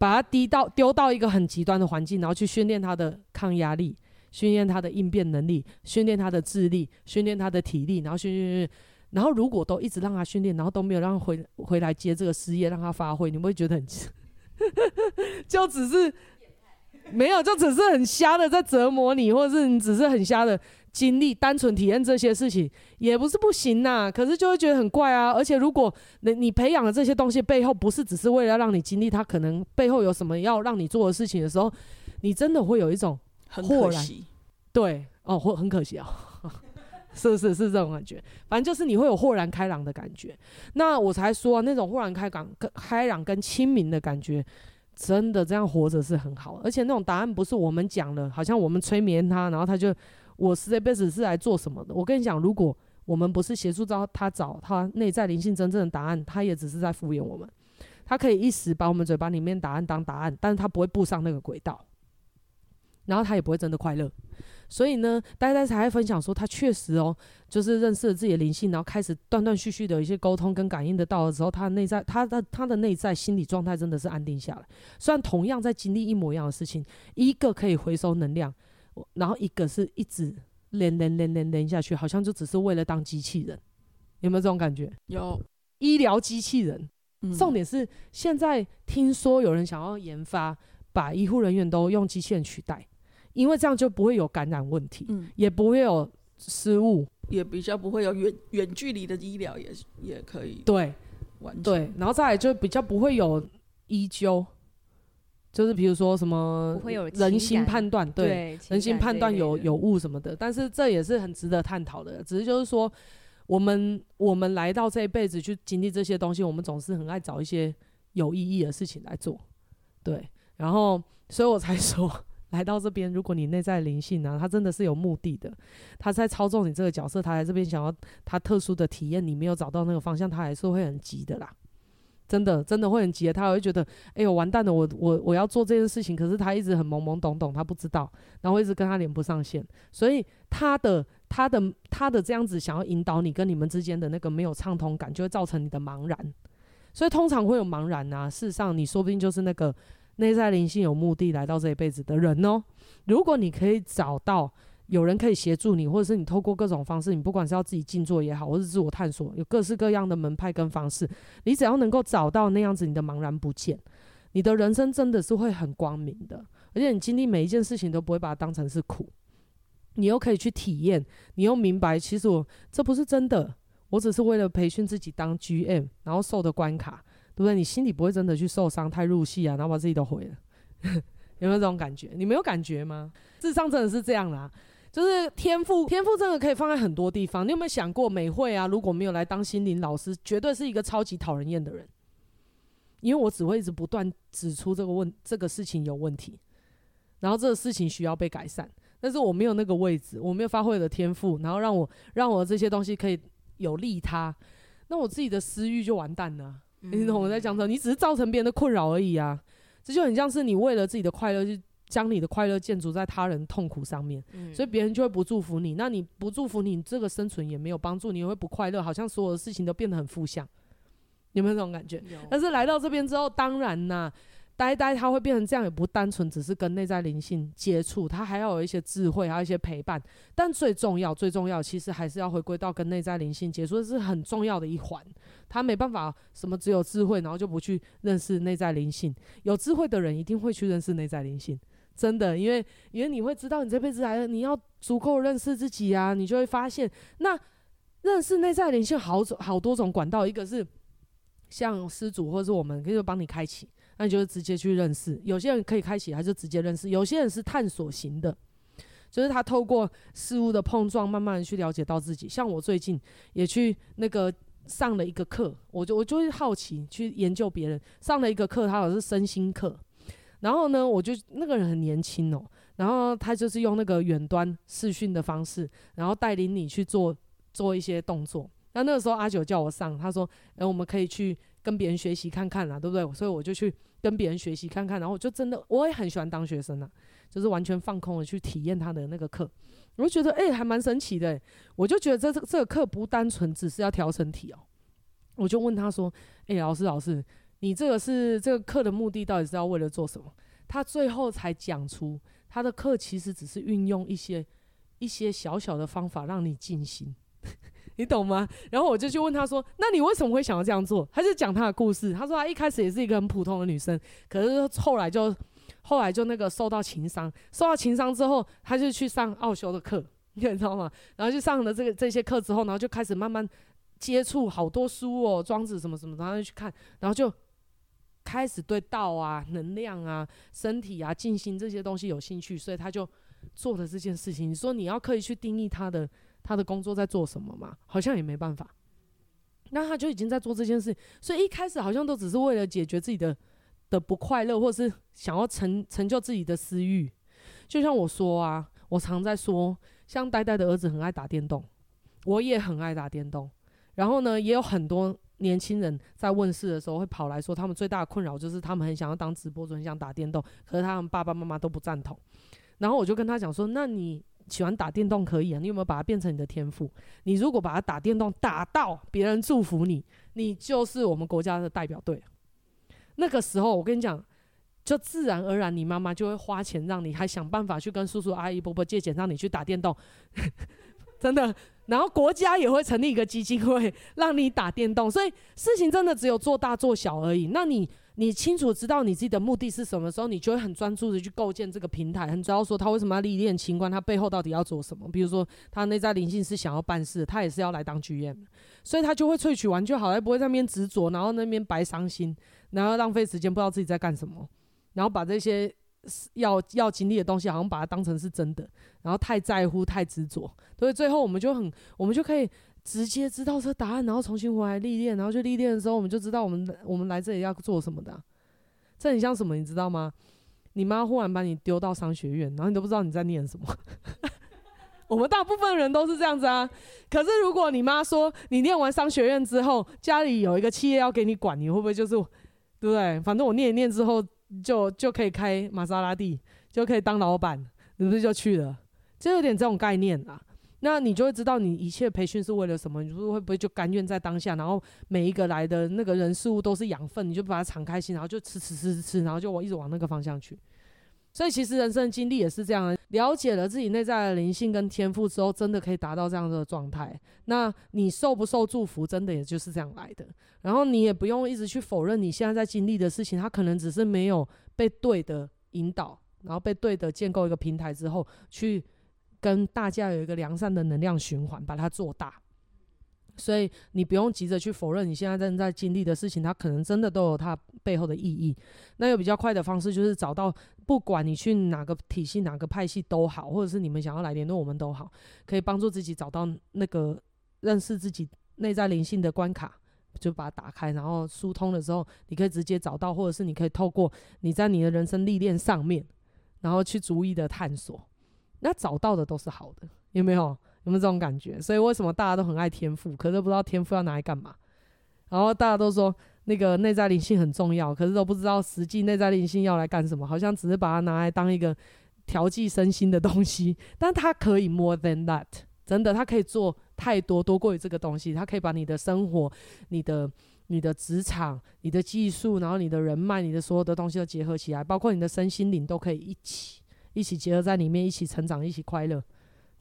把他低到丟到一個很極端的環境，然後去訓練他的抗壓力，訓練他的應變能力，訓練他的智力，訓練他的體力，然後訓練訓，然後如果都一直讓他訓練，然後都沒有讓他回回來接這個事業，讓他發揮，你們會覺得很， *laughs* 就只是沒有，就只是很瞎的在折磨你，或者是你只是很瞎的。經歷單純體驗這些事情也不是不行吶、啊，可是就會覺得很怪啊。而且如果你你培養的這些東西背後不是只是為了讓你經歷它，它可能背後有什麼要讓你做的事情的時候，你真的會有一種豁然很可惜，對哦，或很可惜啊、哦， *laughs* 是不是是這種感覺？反正就是你會有豁然開朗的感覺。那我才說、啊、那種豁然開朗、開朗跟清明的感覺，真的這樣活着是很好。而且那種答案不是我們講的，好像我們催眠他，然後他就。我是這輩子是來做什麼的？我跟你講，如果我們不是協助到他找他內在靈性真正的答案，他也只是在敷衍我們。他可以一時把我們嘴巴裡面答案當答案，但是他不會步上那個軌道，然後他也不會真的快樂。所以呢，呆呆才會分享說，他確實哦，就是認識了自己的靈性，然後開始斷斷續續的一些溝通跟感應得到了之後，他的內在他的他，他的內在心理狀態真的是安定下來。雖然同樣在經歷一模一樣的事情，一個可以回收能量。然後一個是一直連連連連連下去，好像就只是為了當機器人，有沒有這種感覺？有醫療機器人，嗯，重點是現在聽說有人想要研發把醫護人員都用機器人取代，因為這樣就不會有感染問題，嗯，也不會有失誤，也比較不會有遠遠距離的醫療也也可以。對，對，然後再來就比較不會有醫糾。就是比如說什麼，人心判斷，對，人心判斷有有誤什麼的，但是這也是很值得探討的。只是就是說，我們我們來到這一輩子去經歷這些東西，我們總是很愛找一些有意義的事情來做，對。然後，所以我才說，來到這邊，如果你內在靈性呢、啊，他真的是有目的的，他在操縱你這個角色，他來這邊想要他特殊的體驗，你沒有找到那個方向，他還是會很急的啦。真的，真的會很急，他會覺得，哎、欸、呦，我完蛋了，我我我要做這件事情，可是他一直很懵懵懂懂，他不知道，然後一直跟他連不上線，所以他的、他的、他的這樣子想要引導你跟你們之間的那個沒有暢通感，就會造成你的茫然，所以通常會有茫然啊。事實上你說不定就是那個內在靈性有目的來到這一輩子的人哦，如果你可以找到。有人可以協助你，或者是你透過各種方式，你不管是要自己靜坐也好，或是自我探索，有各式各樣的門派跟方式。你只要能夠找到那樣子，你的茫然不見，你的人生真的是會很光明的。而且你經歷每一件事情都不會把它當成是苦，你又可以去體驗，你又明白，其實我這不是真的，我只是為了培訓自己當 GM，然後受的關卡，對不對？你心裡不會真的去受傷，太入戲啊，然後把自己都毀了， *laughs* 有沒有這種感覺？你沒有感覺嗎？事實上真的是這樣啦、啊。就是天賦，天賦真的可以放在很多地方。你有沒有想過，美會啊，如果沒有來當心靈老師，絕對是一個超級討人厭的人。因為我只會一直不斷指出這個問，這個事情有問題，然後這個事情需要被改善。但是我沒有那個位置，我沒有發揮的天賦，然後讓我讓我這些東西可以有利他，那我自己的私欲就完蛋了。你懂我在講什麼？你只是造成別人的困擾而已啊！這就很像是你為了自己的快樂去。將你的快樂建築在他人痛苦上面，嗯、所以別人就會不祝福你。那你不祝福你，這個生存也沒有幫助，你也會不快樂。好像所有的事情都變得很負向，有沒有這種感覺？有但是來到這邊之後，當然呢、啊，呆呆他會變成這樣，也不單純只是跟內在靈性接觸，他還要有一些智慧，還有一些陪伴。但最重要、最重要，其實還是要回歸到跟內在靈性接觸，是很重要的一環。他沒辦法，什麼只有智慧，然後就不去認識內在靈性。有智慧的人一定會去認識內在靈性。真的，因為因為你會知道，你這輩子來你要足夠認識自己啊，你就會發現，那認識內在靈性好種好多種管道，一個是像師祖，或者是我們可以幫你開啟，那你就是直接去認識；有些人可以開啟，還是直接認識；有些人是探索型的，就是他透過事物的碰撞，慢慢去了解到自己。像我最近也去那個上了一個課，我就我就會好奇去研究別人上了一個課，他好像是身心課。然後呢，我就那個人很年輕哦、喔，然後他就是用那個遠端視訊的方式，然後帶領你去做做一些動作。那那個時候阿九叫我上，他說：“哎、欸，我們可以去跟別人學習看看啦，對不對？”所以我就去跟別人學習看看，然後我就真的我也很喜歡當學生啊，就是完全放空的去體驗他的那個課，我就覺得哎、欸、還蠻神奇的、欸。我就覺得這這這個課不單純只是要調身體哦、喔，我就問他說：“哎、欸，老師老師。”你這個是這個課的目的，到底是要為了做什麼？他最後才講出他的課其實只是運用一些一些小小的方法讓你靜心，呵呵你懂嗎？然後我就去問他說：“那你為什麼會想要這樣做？”他就講他的故事，他說他一開始也是一個很普通的女生，可是後來就後來就那個受到情傷，受到情傷之後，他就去上奧修的課，你知道嗎？然後就上了這個這些課之後，然後就開始慢慢接觸好多書哦、喔，《莊子》什麼什麼，然後就去看，然後就。開始對道啊、能量啊、身體啊、靜心這些東西有興趣，所以他就做了這件事情。你說你要刻意去定義他的他的工作在做什麼嘛？好像也沒辦法。那他就已經在做這件事，所以一開始好像都只是為了解決自己的的不快樂，或是想要成成就自己的私慾。就像我說啊，我常在說，像呆呆的兒子很愛打電動，我也很愛打電動。然後呢，也有很多。年輕人在問世的時候會跑來說，他們最大的困擾就是他們很想要當直播，很想打電動，可是他們爸爸媽媽都不贊同。然後我就跟他講說：“那你喜歡打電動可以啊，你有沒有把它變成你的天賦？你如果把它打電動打到別人祝福你，你就是我們國家的代表隊啊。那個時候我跟你講，就自然而然你媽媽就會花錢讓你，還想辦法去跟叔叔阿姨伯伯借錢讓你去打電動， *laughs* 真的。”然後國家也會成立一個基金會，讓你打電動。所以事情真的只有做大做小而已。那你你清楚知道你自己的目的是什麼時候，你就會很專注的去構建這個平台。很主要說他為什麼要歷練清官，他背後到底要做什麼？比如說他內在靈性是想要辦事，他也是要來當劇院，所以他就會萃取完就好了，他不會在那邊執着，然後那邊白傷心，然後浪費時間，不知道自己在幹什麼，然後把這些。要要經歷的東西，好像把它當成是真的，然後太在乎、太執着，所以最後我們就很，我們就可以直接知道這個答案，然後重新回來歷練，然後去歷練的時候，我們就知道我們我們來這裡要做什麼的啊。這很像什麼，你知道嗎？你媽忽然把你丟到商學院，然後你都不知道你在念什麼。 *laughs* 我們大部分人都是這樣子啊。可是如果你媽說你念完商學院之後，家裡有一個企業要給你管，你會不會就是，對不對？反正我念一念之後。就就可以開瑪莎拉蒂，就可以當老闆，你不是就去了？就有點這種概念啊。那你就會知道你一切培訓是為了什麼。你就會不會就甘願在當下，然後每一個來的那個人事物都是養分，你就把它敞開心，然後就吃吃吃吃吃，然後就往一直往那個方向去。所以，其實人生的經歷也是這樣的。了解了自己內在的靈性跟天賦之後，真的可以達到這樣的狀態。那你受不受祝福，真的也就是這樣來的。然後你也不用一直去否認你現在在經歷的事情，它可能只是沒有被對的引導，然後被對的建構一個平台之後，去跟大家有一個良善的能量循環，把它做大。所以你不用急着去否認你現在正在經歷的事情，它可能真的都有它背後的意義。那有比較快的方式，就是找到，不管你去哪個體系、哪個派系都好，或者是你們想要來聯絡我們都好，可以幫助自己找到那個認識自己內在靈性的關卡，就把它打開，然後疏通的時候，你可以直接找到，或者是你可以透過你在你的人生歷練上面，然後去逐一的探索，那找到的都是好的，有沒有？有沒有這種感覺？所以為什麼大家都很愛天賦，可是不知道天賦要拿來幹嘛？然後大家都說那個內在靈性很重要，可是都不知道實際內在靈性要來幹什麼？好像只是把它拿來當一個調劑身心的東西，但它可以 more than that，真的，它可以做太多，多過於這個東西。它可以把你的生活、你的、你的職場、你的技術，然後你的人脈、你的所有的東西都結合起來，包括你的身心靈都可以一起一起結合在裡面，一起成長，一起快樂。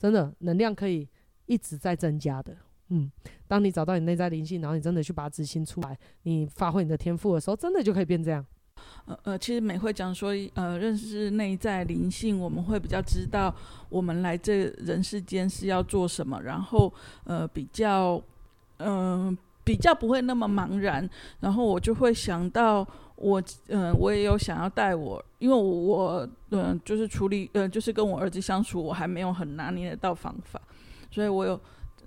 真的能量可以一直在增加的，嗯，當你找到你內在靈性，然後你真的去把它執行出來，你發揮你的天賦的時候，真的就可以變這樣。呃呃，其實美會講說，呃，認識內在靈性，我們會比較知道我們來這人世間是要做什麼，然後呃比較，嗯、呃，比較不會那麼茫然，然後我就會想到。我嗯、呃，我也有想要帶我，因為我嗯、呃，就是處理嗯、呃，就是跟我兒子相處，我還沒有很拿捏得到方法，所以我有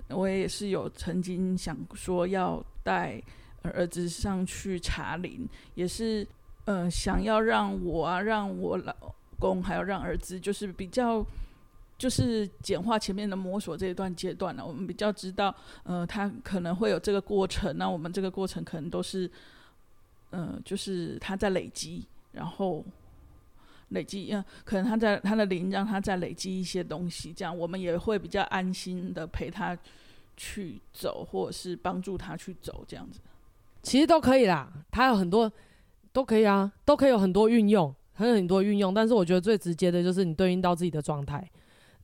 我也是有曾經想說要帶兒子上去茶陵，也是嗯、呃，想要讓我啊，讓我老公，還要讓兒子，就是比較就是簡化前面的摸索這一段階段呢，啊，我們比較知道嗯、呃，他可能會有這個過程，那我們這個過程可能都是。嗯、呃，就是他在累積，然後累積，嗯，可能他在他的靈讓他再累積一些東西，這樣我們也會比較安心的陪他去走，或者是幫助他去走，這樣子，其實都可以啦，他有很多都可以啊，都可以有很多運用，他有很多運用，但是我覺得最直接的就是你對應到自己的狀態，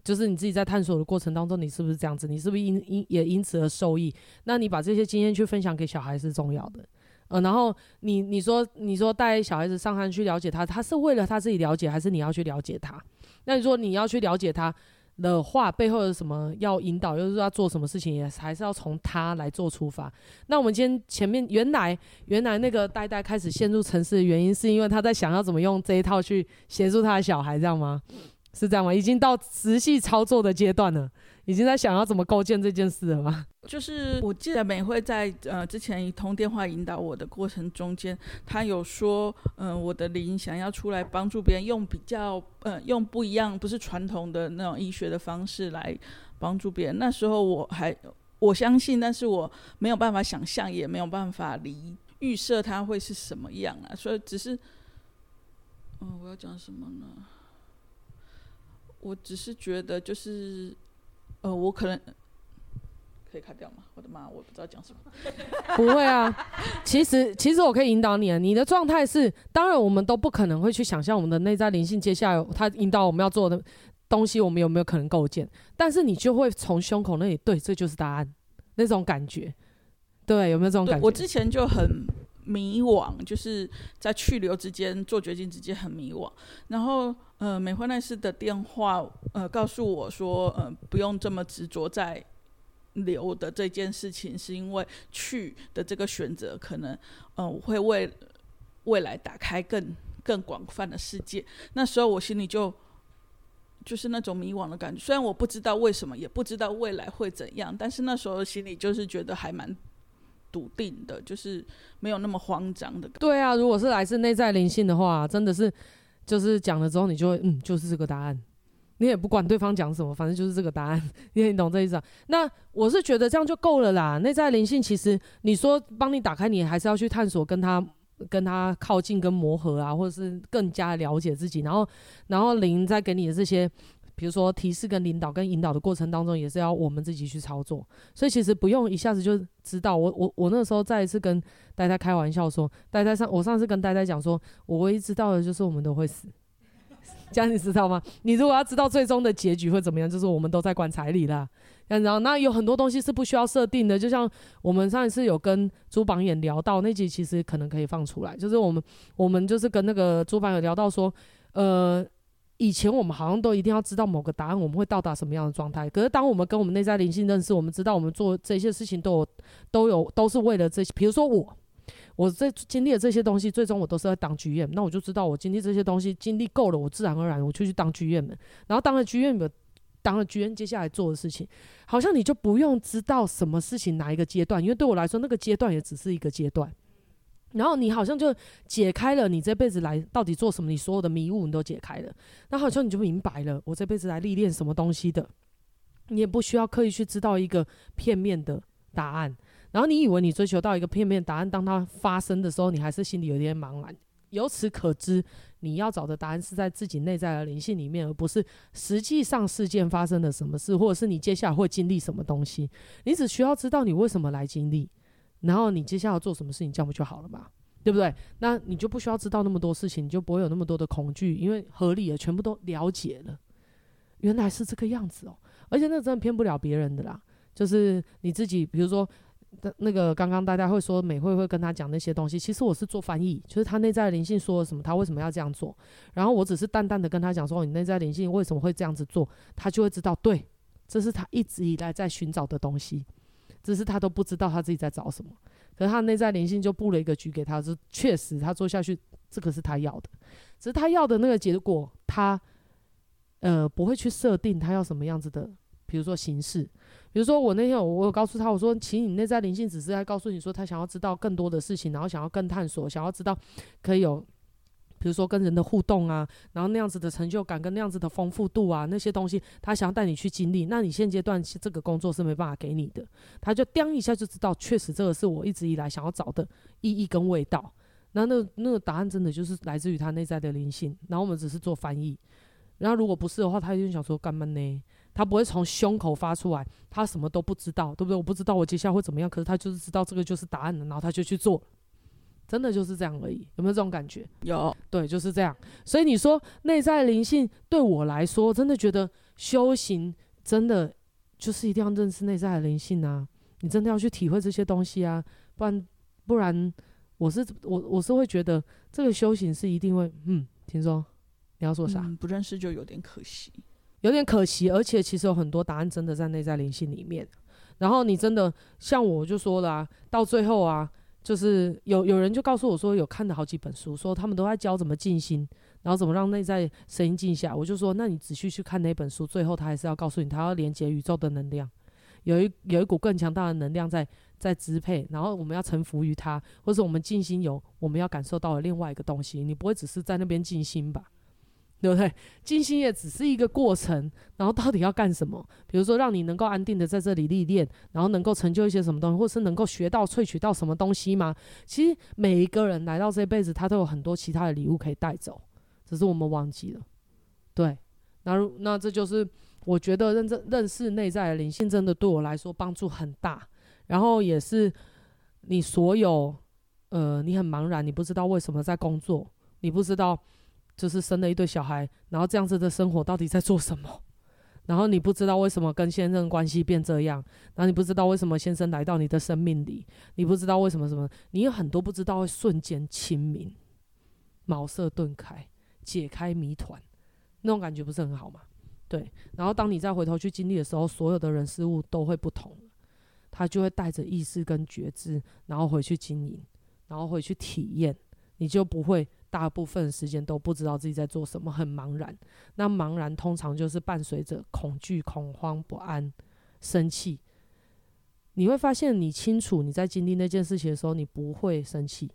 就是你自己在探索的過程當中，你是不是這樣子，你是不是因因也因此而受益，那你把這些經驗去分享給小孩是重要的。嗯，然後你你說你說帶小孩子上山去了解他，他是為了他自己了解，還是你要去了解他？那你說你要去了解他的話，背後有什麼要引導，又是要做什麼事情，也還是要從他來做出發？那我們今天前面原來原來那個呆呆開始陷入沉思的原因，是因為他在想要怎麼用這一套去協助他的小孩，這樣嗎？是這樣嗎？已經到實際操作的階段了。已經在想要怎麼構建這件事了嗎？就是我記得美會在呃之前一通電話引導我的過程中間，他有說，嗯、呃，我的靈想要出來幫助別人，用比較呃用不一樣，不是傳統的那種醫學的方式來幫助別人。那時候我還我相信，但是我沒有辦法想象，也沒有辦法離預設它會是什麼樣啊。所以只是，嗯、呃，我要講什麼呢？我只是覺得就是。呃，我可能可以砍掉嗎？我的媽，我也不知道講什麼。 *laughs* 不會啊，其實其實我可以引導你啊。你的狀態是，當然我們都不可能會去想象我們的內在靈性。接下來他引導我們要做的東西，我們有沒有可能構建？但是你就會從胸口那裡，對，這就是答案，那種感覺，對，有沒有這種感覺？我之前就很。迷惘，就是在去留之間做決定之間很迷惘。然後，呃，美會奈斯的電話，呃，告訴我說，呃，不用這麼執着在留的這件事情，是因為去的這個選擇可能，嗯、呃，會為未來打開更更廣泛的世界。那時候我心裡就就是那種迷惘的感覺，雖然我不知道為什麼，也不知道未來會怎樣，但是那時候心裡就是覺得還蠻。篤定的，就是沒有那麼慌張的感覺。對啊，如果是來自內在靈性的話，真的是，就是講了之後，你就會，嗯，就是這個答案。你也不管對方講什麼，反正就是這個答案。你也懂這意思啊。那我是覺得這樣就夠了啦。內在靈性其實，你說幫你打開，你還是要去探索，跟他跟他靠近，跟磨合啊，或者是更加了解自己，然後然後靈再給你的這些，比如說提示跟領導跟引導的過程當中，也是要我們自己去操作，所以其實不用一下子就知道。我我我那時候再一次跟呆呆開玩笑說，呆呆，上我上次跟呆呆講說，我唯一知道的就是我們都會死，這樣你知道嗎？你如果要知道最終的結局會怎麼樣，就是我們都在棺材裡了。然後那有很多東西是不需要設定的，就像我們上一次有跟朱榜眼聊到那集，其實可能可以放出來，就是我們我們就是跟那個朱榜眼聊到說，呃。以前我們好像都一定要知道某個答案，我們會到達什麼樣的狀態。可是當我們跟我們內在靈性認識，我們知道我們做這些事情都有、都有、都是為了這些。比如說我，我在經歷了這些東西，最終我都是要當 GM，那我就知道我經歷這些東西，經歷夠了，我自然而然我就去當 GM 了，然後當了 GM，當了 GM 接下來做的事情，好像你就不用知道什麼事情哪一個階段，因為對我來說那個階段也只是一個階段。然後你好像就解開了，你這輩子來到底做什麼？你所有的迷霧你都解開了，那好像你就明白了，我這輩子來歷練什麼東西的。你也不需要刻意去知道一個片面的答案。然後你以為你追求到一個片面的答案，當它發生的時候，你還是心裡有點茫然。由此可知，你要找的答案是在自己內在的靈性裡面，而不是實際上事件發生了什麼事，或者是你接下來會經歷什麼東西。你只需要知道你為什麼來經歷。然後你接下來做什麼事情，這樣不就好了嗎？對不對？那你就不需要知道那麼多事情，你就不會有那麼多的恐懼，因為合理的全部都了解了，原來是這個樣子哦。而且那真的騙不了別人的啦。就是你自己，比如說，那個剛剛大家會說美會會跟他講那些東西，其實我是做翻譯，就是他內在的靈性說了什麼，他為什麼要這樣做？然後我只是淡淡的跟他講說，你內在的靈性為什麼會這樣子做，他就會知道，對，這是他一直以來在尋找的東西。只是他都不知道他自己在找什麼，可是他內在靈性就布了一個局給他，就確實他做下去，這個是他要的，只是他要的那個結果，他呃不會去設定他要什麼樣子的，比如說形式。比如說我那天我有告訴他，我說，請你內在靈性只是在告訴你說，他想要知道更多的事情，然後想要更探索，想要知道可以有。比如說跟人的互動啊，然後那樣子的成就感跟那樣子的豐富度啊，那些東西他想要帶你去經歷，那你現階段這個工作是沒辦法給你的。他就當一下就知道，確實這個是我一直以來想要找的意義跟味道。那那個、那個答案真的就是來自於他內在的靈性，然後我們只是做翻譯。然後如果不是的話，他就想說幹嘛呢？他不會從胸口發出來，他什麼都不知道，對不對？我不知道我接下來會怎麼樣，可是他就是知道這個就是答案了，然後他就去做。真的就是這樣而已，有沒有這種感覺？有，對，就是這樣。所以你說內在靈性對我來說，真的覺得修行真的就是一定要認識內在的靈性啊！你真的要去體會這些東西啊，不然不然我是我我是會覺得這個修行是一定會嗯，聽說你要說啥？不認識就有點可惜，有點可惜，而且其實有很多答案真的在內在靈性裡面。然後你真的像我就說了、啊，到最後啊。就是有有人就告訴我說，有看了好幾本書，說他們都在教怎麼靜心，然後怎麼讓內在聲音靜下。我就說，那你仔細去看那本書，最後他還是要告訴你，他要連接宇宙的能量，有一有一股更強大的能量在在支配，然後我們要臣服於他，或是我們靜心有我們要感受到的另外一個東西。你不會只是在那邊靜心吧？對不對？靜心也只是一個過程，然後到底要幹什麼？比如說，讓你能夠安定的在這裡歷練，然後能夠成就一些什麼東西，或是能夠學到、萃取到什麼東西嗎？其實每一個人來到這一輩子，他都有很多其他的禮物可以帶走，只是我們忘記了。對，那那這就是我覺得認真認識內在的靈性，真的對我來說幫助很大。然後也是你所有，呃，你很茫然，你不知道為什麼在工作，你不知道。就是生了一對小孩，然後這樣子的生活到底在做什麼？然後你不知道為什麼跟先生關係變這樣，然後你不知道為什麼先生來到你的生命裡，你不知道為什麼什麼，你有很多不知道，會瞬間清明，茅塞頓開，解開謎團，那種感覺不是很好嗎？對，然後當你再回頭去經歷的時候，所有的人事物都會不同，他就會帶着意識跟覺知，然後回去經營，然後回去體驗，你就不會。大部分時間都不知道自己在做什麼，很茫然。那茫然通常就是伴隨着恐懼、恐慌、不安、生氣。你會發現，你清楚你在經歷那件事情的時候，你不會生氣，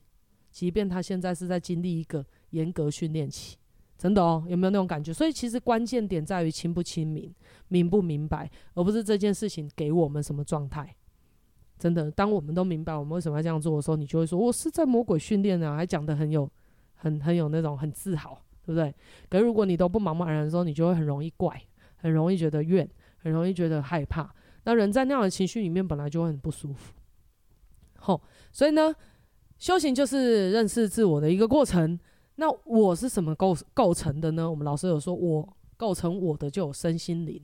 即便他現在是在經歷一個嚴格訓練期。真的哦，有沒有那種感覺？所以其實關鍵點在於清不清明、明不明白，而不是這件事情給我們什麼狀態。真的，當我們都明白我們為什麼要這樣做的時候，你就會說：“我、哦、是在魔鬼訓練啊，還講得很有。”很很有那種很自豪，對不對？可是如果你都不茫茫然然的時候，你就會很容易怪，很容易覺得怨，很容易覺得害怕。那人在那樣的情緒裡面本來就很不舒服。吼，所以呢，修行就是認識自我的一個過程。那我是什麼構構成的呢？我們老師有說，我。構成我的就有身心靈，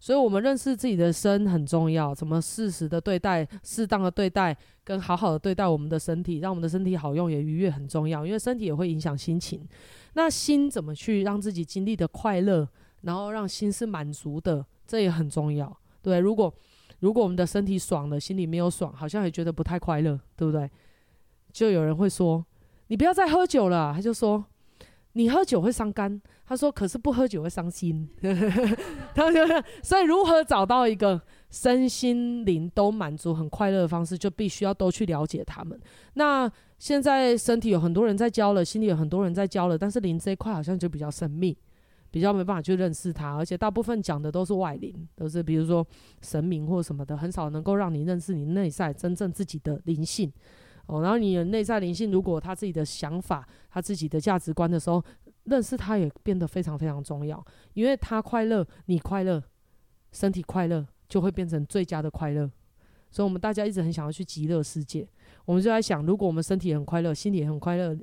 所以我們認識自己的身很重要。怎麼適時的對待、適當的對待跟好好的對待我們的身體，讓我們的身體好用也愉悅很重要。因為身體也會影響心情。那心怎麼去讓自己經歷的快樂，然後讓心是滿足的，這也很重要。對，如果如果我們的身體爽了，心裡沒有爽，好像也覺得不太快樂，對不對？就有人會說：“你不要再喝酒了。”他就說。你喝酒會傷肝，他說，可是不喝酒會傷心， *laughs* 他說。所以如何找到一個身心靈都滿足、很快樂的方式，就必須要多去了解他們。那現在身體有很多人在教了，心裡有很多人在教了，但是靈這一塊好像就比較神秘，比較沒辦法去認識它，而且大部分講的都是外靈，都是比如說神明或什麼的，很少能夠讓你認識你內在真正自己的靈性。哦，然後你的內在靈性，如果他自己的想法、他自己的價值觀的時候，認識他也變得非常非常重要，因為他快樂，你快樂，身體快樂就會變成最佳的快樂。所以我們大家一直很想要去極樂世界，我們就在想，如果我們身體很快樂，心裡也很快樂。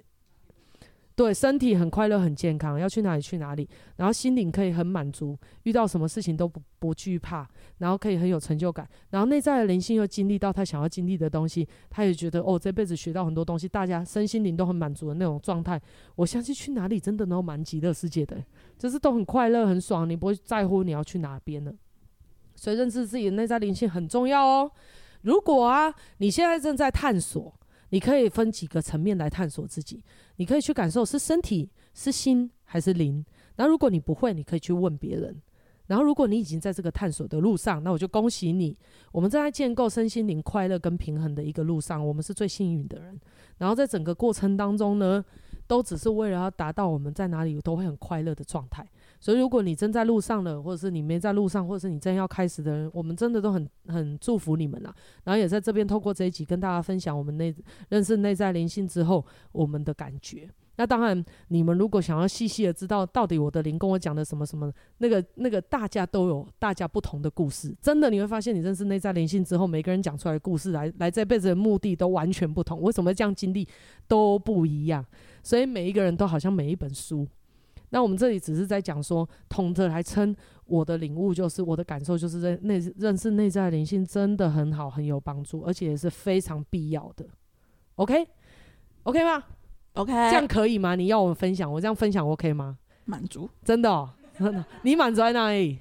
對，身體很快樂，很健康，要去哪裡去哪裡，然後心靈可以很滿足，遇到什麼事情都不不懼怕，然後可以很有成就感，然後內在的靈性又經歷到他想要經歷的東西，他也覺得哦，這輩子學到很多東西，大家身心靈都很滿足的那種狀態。我相信去哪裡真的都蠻極樂世界的，就是都很快樂很爽，你不會在乎你要去哪邊的。所以認識自己的內在靈性很重要哦。如果啊，你現在正在探索。你可以分幾個層面來探索自己，你可以去感受是身體、是心還是靈。那如果你不會，你可以去問別人。然後如果你已經在這個探索的路上，那我就恭喜你。我們正在建構身心靈快樂跟平衡的一個路上，我們是最幸運的人。然後在整個過程當中呢，都只是為了要達到我們在哪裡都會很快樂的狀態。所以，如果你真在路上了，或者是你沒在路上，或者是你真要開始的人，我們真的都很很祝福你們吶、啊。然後也在這邊透過這一集跟大家分享我們內認識內在靈性之後我們的感覺。那當然，你們如果想要細細的知道到底我的靈跟我講的什麼什麼，那個那個大家都有大家不同的故事。真的你會發現，你認識內在靈性之後，每個人講出來的故事來來這輩子的目的都完全不同。為什麼會這樣，經歷都不一樣？所以每一個人都好像每一本書。那我們這裡只是在講說，統者來稱我的領悟，就是我的感受，就是認認識內在靈性真的很好，很有幫助，而且也是非常必要的。OK，OK、OK？OK、嗎？OK，這樣可以嗎？你要我分享，我這樣分享 OK 嗎？滿足，真的，喔，真的，你滿足在哪裡？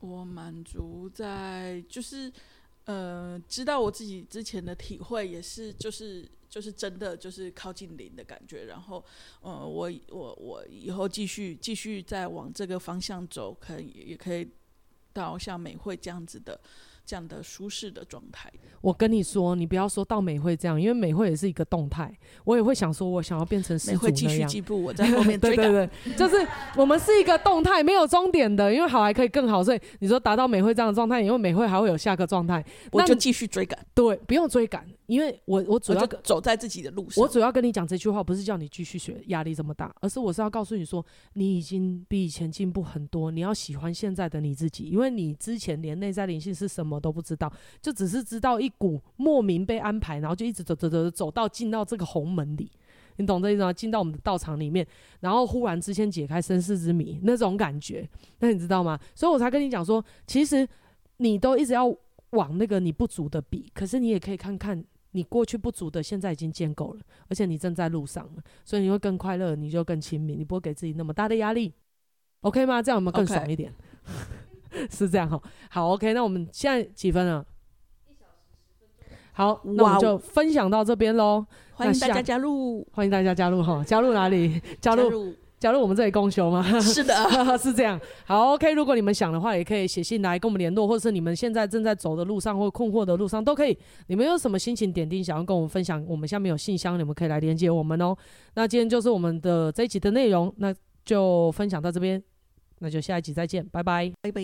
我滿足在就是呃，知道我自己之前的體會也是就是。就是真的，就是靠近零的感覺。然後，嗯，我我我以後繼續繼續再往這個方向走，可以也可以到像美會這樣子的這樣的舒適的狀態。我跟你說，你不要說到美會這樣，因為美會也是一個動態。我也會想說，我想要變成誰，會繼續進步，我在後面追趕。 *laughs* *laughs* 對，對，對對， *laughs* 就是我們是一個動態，沒有終點的，因為好還可以更好。所以你說達到美會這樣的狀態，因為美會還會有下個狀態，我就繼續追趕。對，不用追趕。因為我我主要我就走在自己的路上，我主要跟你講這句話，不是叫你繼續學壓力這麼大，而是我是要告訴你說，你已經比以前進步很多，你要喜歡現在的你自己，因為你之前連內在靈性是什麼都不知道，就只是知道一股莫名被安排，然後就一直走走走走，走到進到這個紅門裡，你懂這意思嗎？進到我們的道場裡面，然後忽然之間解開身世之謎那種感覺，那你知道嗎？所以我才跟你講說，其實你都一直要往那個你不足的比，可是你也可以看看。你過去不足的，現在已經建構了，而且你正在路上，所以你會更快樂，你就更親密，你不會給自己那麼大的壓力，OK 嗎？這樣我們更爽一點，Okay. *laughs* 是這樣哈、喔。好，OK，那我們現在幾分了？一小時十分。好，那我們就分享到這邊嘍，Wow 下歡迎大家加入，歡迎大家加入哈，加入哪裡？加入。假如我們這裡公休嗎？ *laughs* 是的、啊， *laughs* 是這樣。好，OK。如果你們想的話，也可以寫信來跟我們聯絡，或者是你們現在正在走的路上或困惑的路上都可以。你們有什麼心情點滴想要跟我們分享？我們下面有信箱，你們可以來連接我們哦、喔。那今天就是我們的這一集的內容，那就分享到這邊，那就下一集再見，拜拜，拜拜。